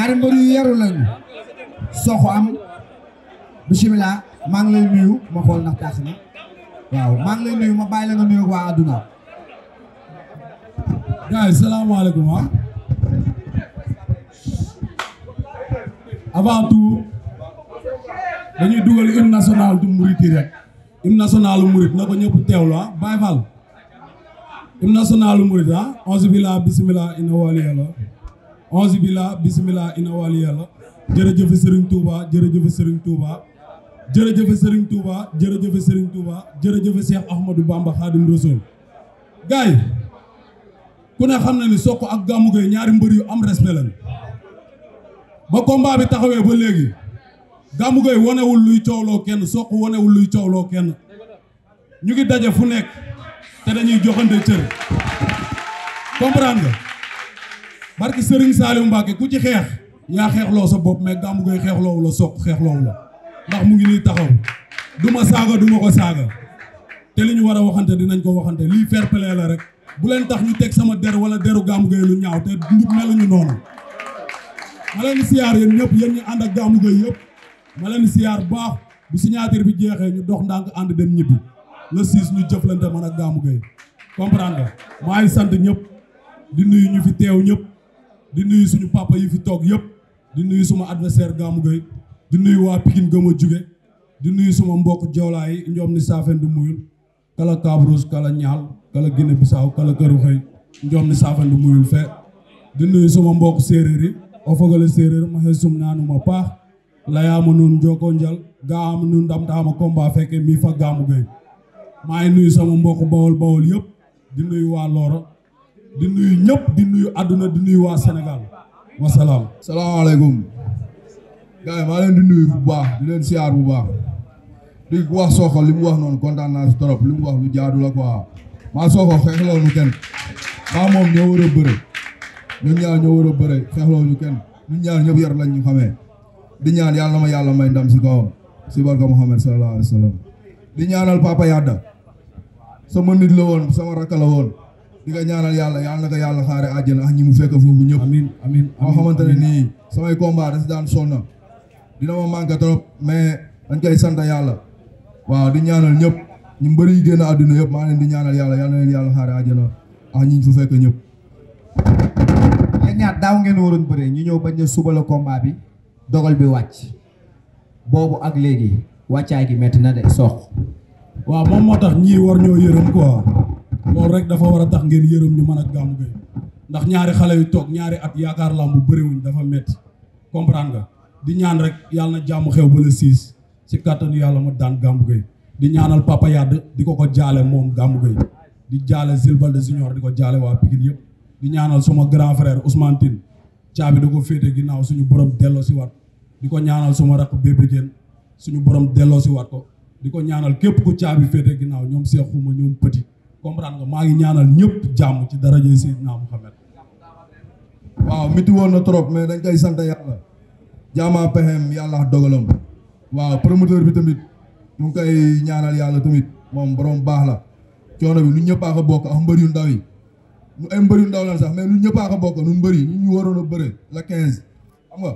ñaari mbër yu yaru lañu soxo am bisimilah maa ngi lay nuyu ma xool ndax tax na waaw maa ngi lay ma bàyyi la nga nuyu waa adduna. gars yi salaamaaleykum ah. avant tout dañuy dugal hymne national du Mouride yi rek hymne national Mouride na ko ñëpp teewlu ah Baye Fall hymne national Mouride ah onze bila bisimilah ina wali onze bila bisimilah ina wali yàlla jërëjëfe sëriñ Touba jërëjëfe sëriñ Touba jërëjëfe sëriñ Touba jërëjëfe sëriñ Touba jërëjëfe Cheikh Ahmadou Bamba Khadim Rasoul gaay ku ne xam na ni Sokh ak Gamou ñaari mbër yu am respect lañ ba combat bi taxawee ba léegi Gamou wonewul wanewul luy coowloo kenn Sokh wonewul luy coowloo kenn ñu ngi daje fu nekk te dañuy joxante cër comprendre barki Serigne Saliou Mbacke ku ci xeex yaa xeexloo sa bopp mais Gamou Gueye xeexloowu la soq xeexloowu la ndax mu ngi nii taxaw du ma saaga du ma ko saaga te li ñu war a waxante dinañ ko waxante lii fair la rek bu leen tax ñu teg sama der wala deru Gamou Gueye lu ñaaw te ndub meluñu noonu ma leen siyaar yéen ñëpp yéen ñu ànd ak Gamou Gueye yëpp ma leen siyaar baax bu signature bi jeexee ñu dox ndànk ànd dem ñibbi le six ñu jëflante man ak Gamou Gueye comprendre nga maa ñëpp di ñu fi teew ñëpp di nuyu suñu papa yi fi toog yëpp di nuyu suma adversaire Gamou Gueye di nuyu waa Pikine gëm a jóge di nuyu suma mbokk jawlaa yi ñoom ni saafen du muyul kala Kabrousse kala ñaal kala Guinée Bissau kala këru xëy ñoom ni saafen du muyul fe di nuyu suma mbokk séeréer yi o fogole séeréer ma xëy sum naanuma paax layaama nuun njoko njal gaa am ndam ndamtaama combat fekke mi fa Gamou Gueye maa ngi nuyu sama mbokk bawol bawol yëpp di nuyu waa Looro di nuyu ñëpp di nuyu àdduna di nuyu waa senegal wasalaam. salaamaaleykum gars yi maa leen di nuyu bu baax di leen siyaar bu baax di wax Sokh li mu wax noonu kontaan naa si li mu wax lu jaadu la quoi maa Sokh xeexloo ñu kenn maa moom ñoo war a bëre ñun ñaar ñoo war a ñu kenn ñun ñëpp yar lañ ñu xamee di ñaan yàlla ma yàlla may ndam si kawam si barka Muhammad sallallahu alayhi wa di ñaanal Papa Yada sama nit la woon sama rakk woon. di nga ñaanal yàlla yàlla na ko yàlla xaare àjjana ak ñi mu fekk foofu ñëpp. amiin amiin moo xamante ne nii samay combat daf daan sonn dina ma manqué trop mais dañ koy sant yàlla waaw di ñaanal ñëpp ñu mbëri yi génn àdduna yëpp maa leen di ñaanal yàlla yàlla na leen yàlla xaare àjjana ak ñi ñu fa fekk ñëpp. ay ñaar daaw ngeen waroon bëree ñu ñëw bañ ne suba la combat bi dogal bi wàcc boobu ak léegi wàccaay gi métti na de sox. waaw moom moo tax ñii war ñoo yërëm quoi. loolu rek dafa war a tax ngir yërëm ñu mën a Gamou ndax ñaari xale yu toog ñaari at yaakaar lamb bu bëriwuñ dafa métti comprendre nga di ñaan rek yàlla na jàmm xew ba le six ci kàttanu yàlla ma daan Gamou Gueye di ñaanal Papa yàdd di ko ko jaale moom Gamou Gueye di jaale Zilbal de Junior di ko jaale waa Pikine yëpp di ñaanal suma grand frère Ousmane Tine caabi da ko féete ginnaaw suñu borom delloo si waat di ko ñaanal suma rakk bébé Diène suñu borom delloo si ko di ko ñaanal képp ku caabi féete ginnaaw ñoom Seex Xuma ñoom Petit comprendre nga maa ngi ñaanal ñëpp jàmm ci daraja Seydina Muhammad waaw miti woon na trop mais dañ koy sant yàlla jaamaa pexeem yàlla dogalam waaw promoteur bi tamit ñu kay koy ñaanal yàlla tamit moom borom baax la coono bi lu ñëpp a ko bokk ak mbër yu ndaw yi ñu ay mbër yu ndaw lan sax mais lu ñëpp a ko bokk ñun mbër yi ñu ñu waroon a bëre la quinze xam nga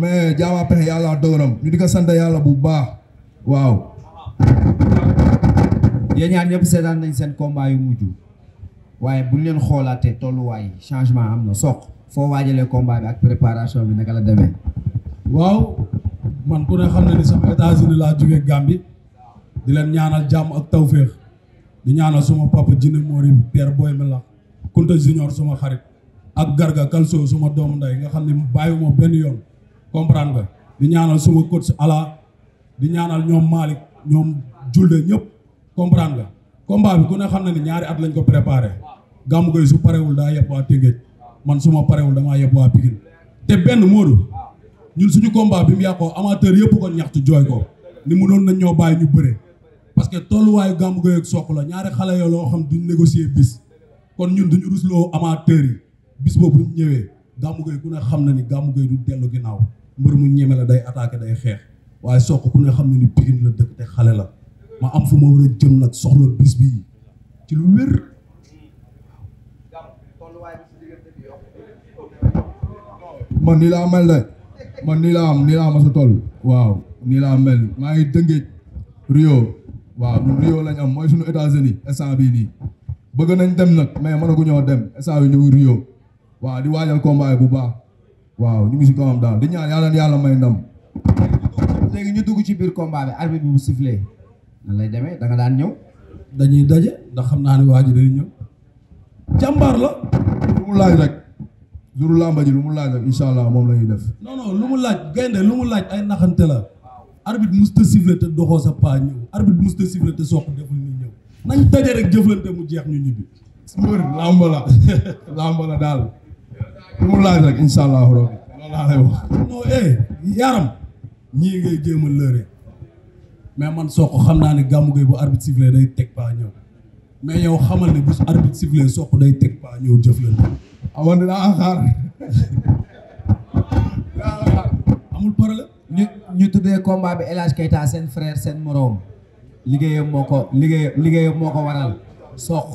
mais jaamaa pexe yàlla dogalam ñu di ko sant yàlla bu baax waaw yéen ñaar ñëpp seetaan nañu seen combat yu mujj waaye bu leen xoolaatee tolluwaay changement am na soq foo waajalee combat bi ak préparation bi naka la demee. waaw man ku ne xam na ni sama États-Unis laa jógee Gambie di leen ñaanal jàmm ak tawféex di ñaanal suma papa Jine Mori Pierre Boy Mela Kunta Junior suma xarit ak Garga Kalso suma doomu nday nga xam ne bàyyiwuma benn yoon comprendre nga di ñaanal suma coach ala di ñaanal ñoom Malick ñoom Julde ñëpp. comprendre la combat bi xam na ne ñaari at lañ ko préparé Gamou Gueye su parewul daa yeb waa Tëngéej man suma ma parewul damaa yeb waa Pikine te benn Modou ñun suñu combat bi mu yàqoo amateur yëpp ko ñaxtu jooy ko ni mënoon nañ ñoo bàyyi ñu bëre parce que tolluwaayu Gamou Gueye ak la ñaari xale yoo loo xam duñ négocier bis kon ñun duñu rusloo amateur yi bis boobu ñëwee Gamou Gueye ku ne xam na ni Gamou Gueye du dellu ginnaaw mbër mu ñeme la day attaqué day xeex waaye Sokh ku ne xam na ni Pikine la dëkk te xale la ma am fu ma war a jëm nag soxla bis bi ci lu wér. man nii laa mel de man nii laa am nii toll waaw nii laa mel maa ngi dëngéej Rio waaw ñun Rio lañ am mooy suñu États-Unis instant bi nii bëgg nañ dem nag mais mënagu ñëw dem instant bi ñëw Rio waaw di waajal combat bu baax waaw ñu ngi si kawam daal di ñaan yàlla yàlla may ndam. léegi ñu dugg ci biir combat bi arbitre bi bu sifflé nan demee da nga daan ñëw. dañuy daje ndax xam naa ne waa ji day ñëw. jàmbaar la. lu mu laaj rek. juru làmba ji lu mu laaj rek incha moom la def. non lu mu laaj gaynde lu mu laaj ay naxante la. arbitre musta sifflé te doxoo sa paa te soq deful ñu ñëw. nañ daje rek jëflante mu jeex ñu ñibbi. mbër làmb la daal. laaj rek incha eh, yaram. ñii ngay jéem a lëre. mais man soo xam naa ne Gamou Gueye bu arbitre sifflé day teg paa ñëw mais yow xamal ne bu arbitre sifflé soo ko day teg paa ñëw jëflante. Ah, awoon dinaa xaar dinaa ñu ñu tuddee combat bi El Hadj Keita seen frère seen moroom liggéeyam moo ko liggéey moo ko waral soq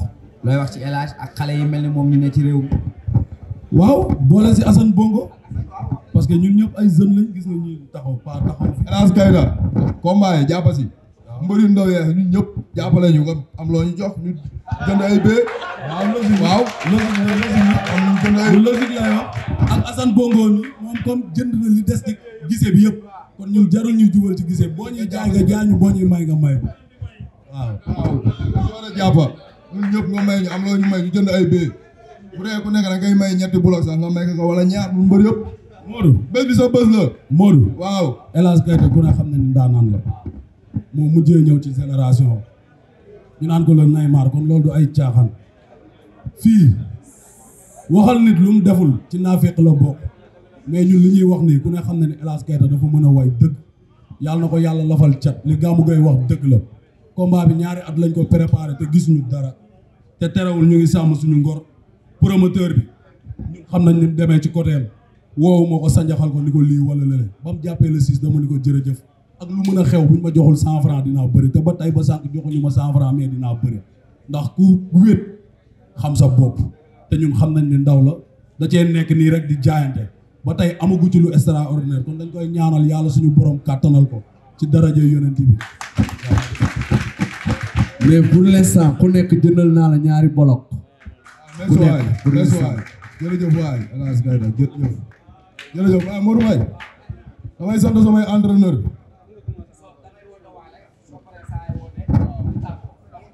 looy wax ci El ak xale yi mel ni moom ñu ne ci réew waaw boole si Assane Bongo. parce que ñun ñëpp ay jeunes lañ gis nga ñuy taxaw pa taxaw fi Elaj Keita combat yi jàppa si mbëri ndaw yee ñun ñu ko am loo ñu jox ñu jënd ay bee jarul ñu jubal ci gise boo ñuy jaay nga jaay ñu boo may nga may ko waaw a jàppa ñun ñëpp nga may ñu nekk da ngay may ñetti nga may wala ñaar mu mbër yëpp Modou bés bi sa bés la. Modou waaw El Hadj Keita ku ne xam ne ni daanaan la moo mujjee ñëw ci génération ñu naan ko la Neymar kon loolu du ay caaxaan fii waxal nit lu mu deful ci naafeq la bokk mais ñu li ñuy wax nii ku ne xam ne ni El Hadj Keita dafa mën a way dëgg yàlla na ko yàlla lafal cat li gàmmu gay wax dëgg la combat bi ñaari at lañ ko préparé te gisuñu dara te terewul ñu ngi sàmm suñu ngor promoteur bi ñu xam nañ ni demee ci côté woowu moo ko sanjaxal ko ni ko lii wala lële ba jàppee le six dama ni ko jërëjëf ak lu mën a xew buñ ma joxul cent franc dinaa bëri te ba tey ba sànq joxuñu ma cent franc mais dinaa bëri ndax ku wéet xam sa bopp te ñun xam nañ ne ndaw la da cee nekk nii rek di jaayante ba tey amagu ci lu extraordinaire kon dañ koy ñaanal yàlla suñu boroom kàttanal ko ci daraja yonent bi mais pour l'instant ku nekk jëndal naa la ñaari bolok ku nekk jërëjëf waay El Hadj Gaye jërëjëf jërëjëf waaw Modou Mbaye damay sant samay entraîneur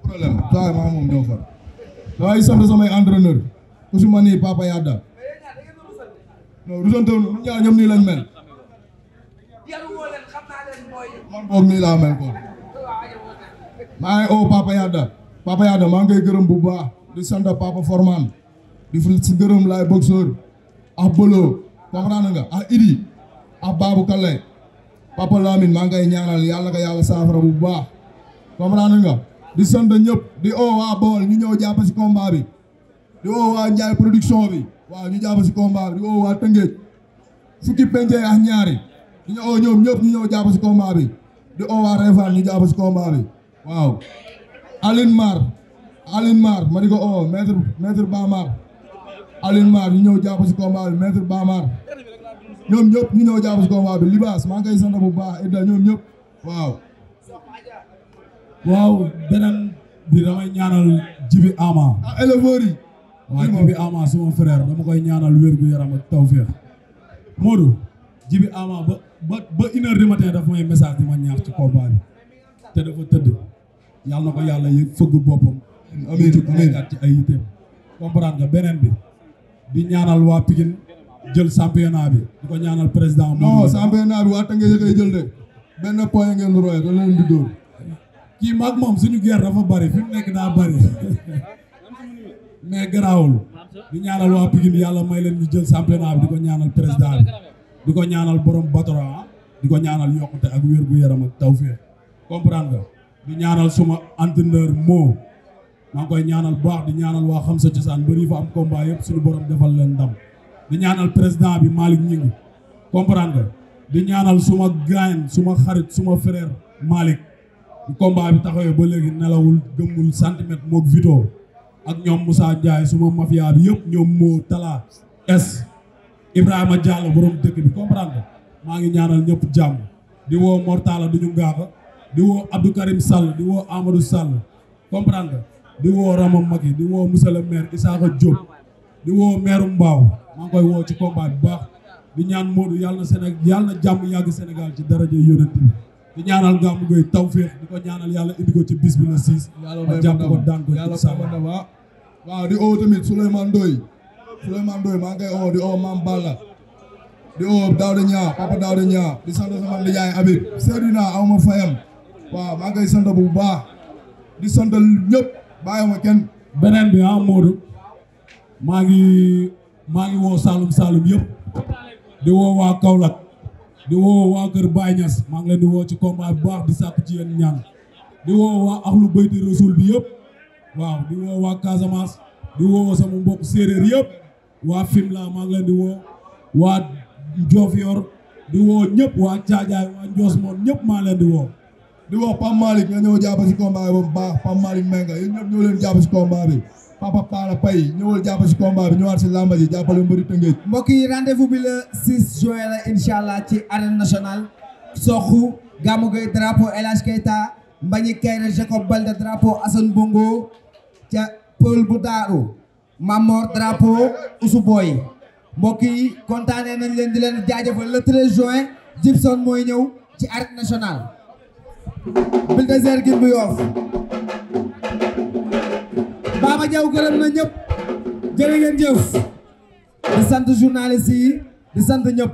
problème saa maa moom ñoo far damay sant samay entraîneur ku ma nii Papa Yada non rusante wu ñaa ñoom nii lañ mel man boog nii laa mel ko maa ngi oo Papa gërëm bu baax di sant Papa Forman di fi gërëm laay boxeur ak comprendre nga ah Idi ah Babou Kalle Papa Lamine maa ngi koy ñaanal yàlla nga yàlla saafara bu baax comprendre nga di sant ñëpp di oo waa ñu ñëw jàpp si combat bi di oo waa production bi waaw ñu jàpp si combat bi di oo waa Tëngéej fukki ñu oo ñoom ñëpp si combat bi di oo waa ñu jàpp si combat bi waaw Aline Mar Aline Mar ma di ko oo maître Alioune Mar ñu ñëw jàpp si combat bi maître Bamar ñoom ñëpp ñu ñëw jàpp si combat bi Libaas maa ngi koy sant bu baax Idda ñoom ñëpp waaw. beneen bi damay ñaanal Jibi Ama. ah éleveur yi. waaw Jibi Ama dama koy ñaanal wér gu yaram ak tawféex Jibi Ama ba ba ba une heure du matin message di ma ñaax ci combat bi te dafa tëdd yàlla na ko yàlla yëg fëgg boppam. amiin amiin ci ay yitteem comprendre beneen bi. di ñaanal waa Pikine jël championnat bi di ko ñaanal président. non championnat bi waa Tëngéej a jël de benn point ngeen roye da leen di dóor. kii maag moom suñu guerre dafa bari fi mu nekk daa bari mais garaawul di ñaanal waa Pikine yàlla may leen ñu jël championnat bi di ko ñaanal président bi di ko ñaanal borom Batora di ko ñaanal yokkute ak wér gu yaram ak tawfeex comprendre nga ñaanal suma entraîneur moo. maa ngi koy ñaanal baax di ñaanal waa xam sa cosaan bëri fa am combat yëpp suñu borom defal leen ndam di ñaanal président bi Malick Ngingue comprendre di ñaanal suma gaañ suma xarit suma frère Malick bu combat bi taxawee ba léegi nelawul gëmmul centimètre moog Vito ak ñoom Moussa Ndiaye suma mafia bi yëpp ñoom moo Talla S Ibrahima Diallo borom dëkk bi comprendre maa ngi ñaanal ñëpp jàmm di woo Mortala du ñu ngaaxa di woo Abdou Karim Sall di woo Amadou Sall comprendre di woo Rama Magi di woo monsieur le maire Isaka Diop di woo maire Mbaaw maa koy woo ci combat bu baax di ñaan Modou yàlla na Sénégal yàlla jàmm yàgg Sénégal ci daraja yonent bi di ñaanal di ko ñaanal yàlla indi ko ci bis bi la siis ma jàpp ko daan ko ci sama ah. waaw di oo tamit Souleymane Ndoye Souleymane Ndoye maa ngi koy oo di oo Mame Balla di oo Daouda Niang papa Daouda Niang di sant sama nijaay Habib Seydina aw ma fayam waaw maa koy sant bu baax di sant ñëpp bàyyiwuma kenn. beneen bi ah Modou maa ngi maa ngi woo Saloum saalum yëpp di woo waa Kaolack di woo waa Kër Baye Niass maa ngi leen di woo ci combat bi baax di sàkku ci yéen ñaan di woo waa Ahlu Bayti Rasul bi yëpp waaw di woo waa Casamance di woo sama mbokk séeréer yëpp waa Fimela maa ngi leen di woo waa Diofior di woo ñëpp waa Caajaay waa Njoos moom ñëpp maa leen di woo. di wax Pape nga ñëw jàpp si combat bi bu baax Pape Malick Menga ñëw leen jàpp si combat bi Papa Paala Paye ñëwal jàpp si combat bi ñëwaat si làmba ji jàppale mbëri Tëngéej. mbokk rendez-vous bi le juin la incha allah ci arène national Sokhu Gamou Gueye drapeau El Hadj Keita Mbagnick Jacob Balde drapeau Assane Bongo ca Pël bu Daaru Mamor drapeau Ousou Boy mbokk yi kontaanee nañ leen di leen jaajëfal le 13 juin Gibson mooy ñëw ci arène national Buldozer Gin bu Yoff Baba Diaw gërëm na ñëpp jërë ngeen jëf di sant journaliste yi di sant ñëpp